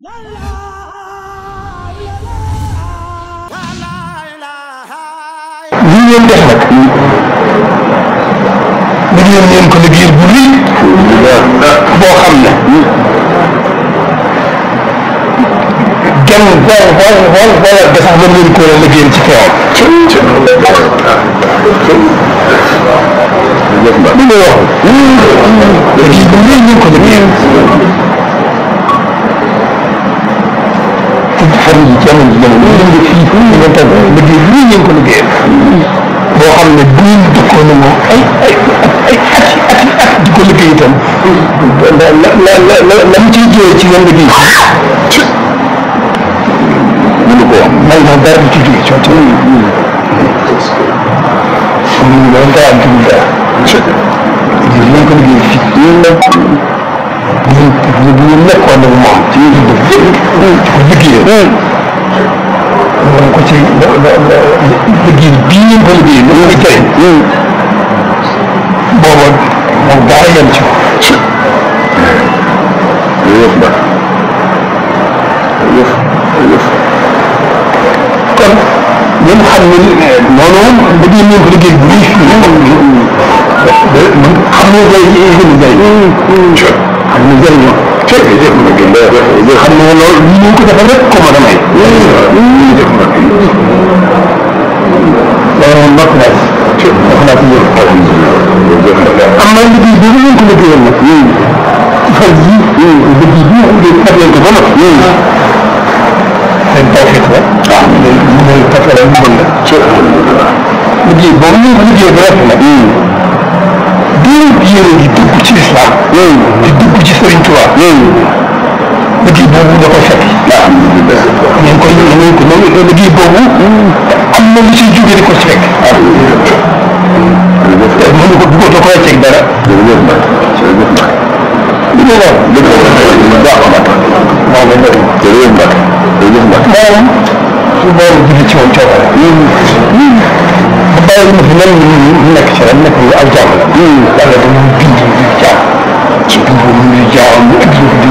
lii ngeen def nag liggéeyal ngeen ko liggéeyal bu rëy boo xam ne kenn boo boo boo boo war de sax ba ngeen ko liggéeyal ci teewam. li nga wax liggéey bu rëy ngeen ko liggéeyal. jamono ji jamono ji jamono ji ñu ngi fii fu ñu leen toog liggéey bu ñu ngi ko liggéeyal boo xam ne bu ñu dëkkoon na moom ay ay ay at yi at yi at di ko liggéey itam la la la la la mu ciy jógee ci yoon liggéey ci mënu ko wax may na dara du ci jógee ci wàllu ñu ngi doon dara du ñu dara liggéey bi ñu ko liggéey fii ñu ngi ñu ci ñu dëkk ko mën ko ci liggéey bii ngeen ko liggéey lu muy jëriñ booba moom dara yem ci yëf ba yëf yëf kon ñun xam ne noonu liggéey ngeen ko liggéey bu nii xam ne day xam ne jëriñ xam ne jëriñ jërëjëf Mbacke Mbacke xam nga loolu ñu ngi ko defal rek ko mën a may. jërëjëf Mbacke. loolu mbokk naa ci. wax naa ci yéen. am na liggéey bi ñu ko liggéeyal nag. fan yii. liggéey bi ñu ngi ko ko ba noppi. seen tawfeex la. waaw léegi ñu ngi lay tàggatoo ak ñu mën la. liggéey boobu ñu liggéey ba noppi nag. yére di dugg ci islam di dugg ci Serigne Touba liggéey boobu nga koy fekk ñu ngi koy ñu ngi ko noonu liggéey boobu am na lu ci jóge di ko ci fekk mënu ko dugg da koy ceeg dara maanaam su boobu jóge ci woon coobare bàyyi mu fi leen mu nekk ci ren nekk lu aw jàmm. yàlla dañuy bind di jaar ci bind mu ngi jaar mu ëpp di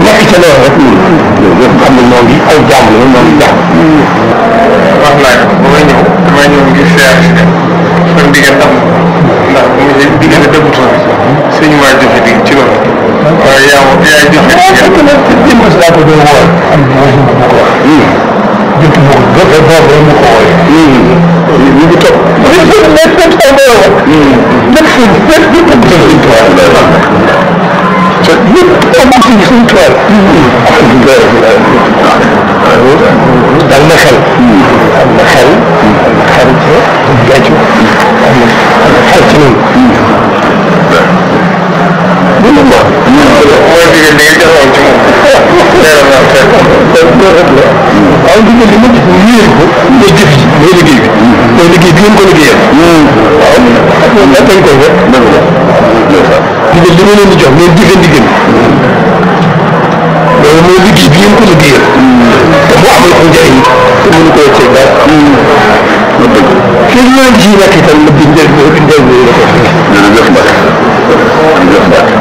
nekk ca loolu rek ñun ñun xam ne ñoo ngi ay jàmm la ñoo ngi jàmm. wax naa ko ba may ñëw damay ñëw ngir seer si dem seen diggante am ndax bu ñu diggante dëggutoon sëñ maa joxe dig ci loolu waaye yaa ma yaay joxe diggante. jëmm daa ko doon woor am na ko wax. jëpp mu ko gëpp boobu mu ko wooyee. ñu ngi topp. ñu ngi topp mais seen xel 저, 엄청 성투할. 근데, 낙낙한, 낙낙이 낙낙한, 아주, 살찌는. 물론 뭐, 어디를 내려가고 좀, 내려가고. 아, 근데 너무 위에고, 내게, 내게, 내게 비운 거는 게요. 음. 아, 어떤 거예요? ndigal li ma leen di jox ngeen jëfe ndigal loolu mooy liggéey bi ngeen ko liggéeyal te mu amal ko njëriñ te mënu koo ceeg dara ma dëgg kii ñu leen ci nekk itam ma di njëriñ bi njëriñ bi la ko jërëjëf Mbacke jërëjëf Mbacke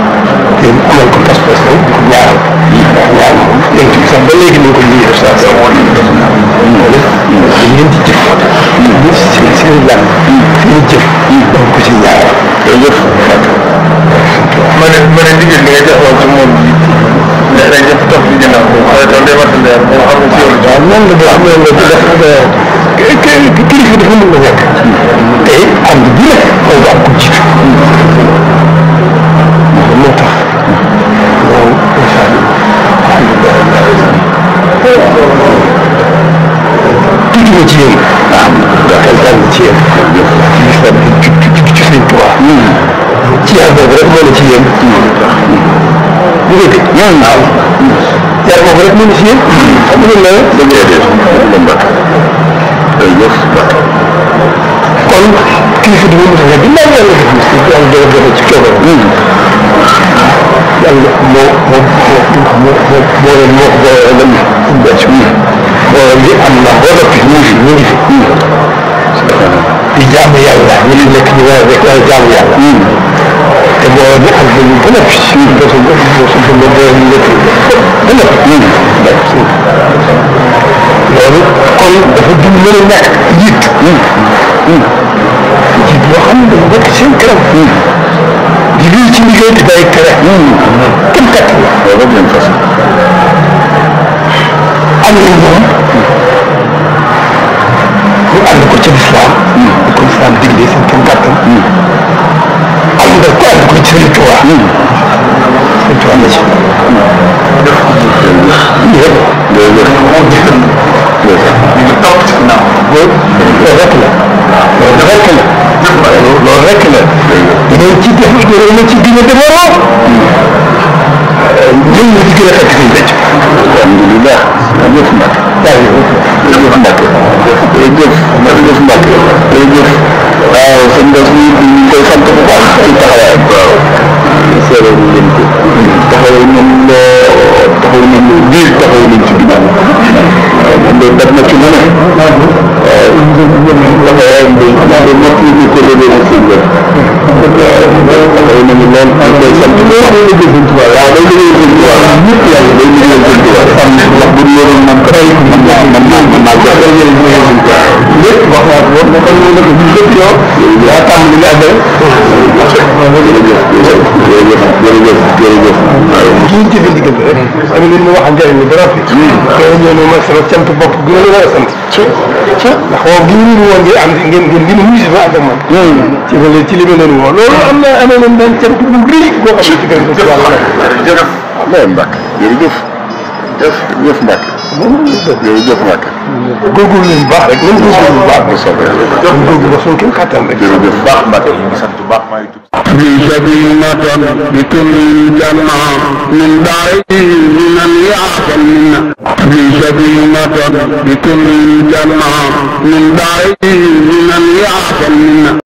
te amal ko pas-pas rek di ko ñaaral ñaaral yaa ngi ci sax ba léegi nañ ko ñuy def saa saa woon dañ leen di jëf ñu si seen seen lan seen jëf dañ ko ci ñaaral jërëjëf ma ne ma ne ndigal li nga joxoon ci moom bi ne day jëf topp ci ginnaaw bi waaye tam day watt leer ba xam ci yow waaw noonu la def noonu la def kii kilifa dafa mën na nekk te it am na bu nekk xaw ma am ku jiitu moo tax loolu incha allah tuuti na ci yéen waaw xel daal na ci yéen gis naa ci ci ci sëñ Tuubaa yar boobu rek moo la ci yéen. bu dégg waaw yar boobu rek moo la ci yéen. xam nga loolu la. dëgg la jërëjëf. kon kilifa bi moom itamit dinaa ñëw rek gis ci wàllu jafe-jafe ci coono. yàlla moo moo moo moo moo leen moo ko booleel ak ñu bett ñu. booleel bi am na boo noppi ñu ngi fi ñu ngi fi. di jaamu yàlla ñu ngi nekk ñu war a nekk war a jaamu yàlla. Hmm. نحن هنا في السيد بس وصلت المدرسة التي هنا في يعني قل بفضل الله الماء جيت جيت وخمد وبك سين كلام جيت جيت باي كلام كم تكلم يا رب ينفصل أنا اليوم أنا كنت بسلام كنت بسلام دي ليسن كم تكلم 제일 좋아. 응. 제일 좋아하는 거지. 예? 네, 네. 네. 이거 떡집나. 뭐? 로레클레. 로레클레. 로레클레. 이런 집에, 이런 집에 있는데 뭐로? 이런 집에 같은 게 있지. 알hamdulillah. Ajak sembah. Ya, ajak sembah. Ajak sembah. Ajak sembah. Ajak sembah. Well, sometimes we, we say something about kita kayak bro. Selain itu, tahunan lo, tahunan di tahunan cuma. Dapat macam mana? Tahunan di, ada mati di kelebihan sini. Tahunan di lain, ada something lo ada di sini. Ada di sini. Ada di sini. Sampai lakukan orang mengkritik, mengkritik, mengkritik. lépp wax naa ko moom kon ñu dëkk bi lépp yow yaa tàmm li nga amee. jërëjëf jërëjëf jërëjëf jërëjëf. kii ci biir diggante rek. am na lu ma wax njëriñ li ba rafet. te ñoo ne ma sama cant bopp gën a la sant. ndax waaw gi ñu woon ngeen am ngeen ngeen gën a wuyu si fa ak man. ci li ci li ma leen woo loolu am na amee nañ benn cant bu rëy boo xam ne ci benn bés. jërëjëf jërëjëf. waaw mbak jërëjëf. jëf jëf Mbacke. jërëjëf Mbacke. góorgóorlu nañu baax rek. nañu góorgóorlu bu baax bu soobee rek. jërëjëf góorgóorlu ba suñu kenn kàttan rek. jërëjëf baax Mbacke ñu ngi sant bu baax maa ngi tudd. bii sabiinatan bi kulli jannatin min daarihi liman ya'qil minna. bii sabiinatan bi kulli jannatin min daarihi liman ya'qil minna.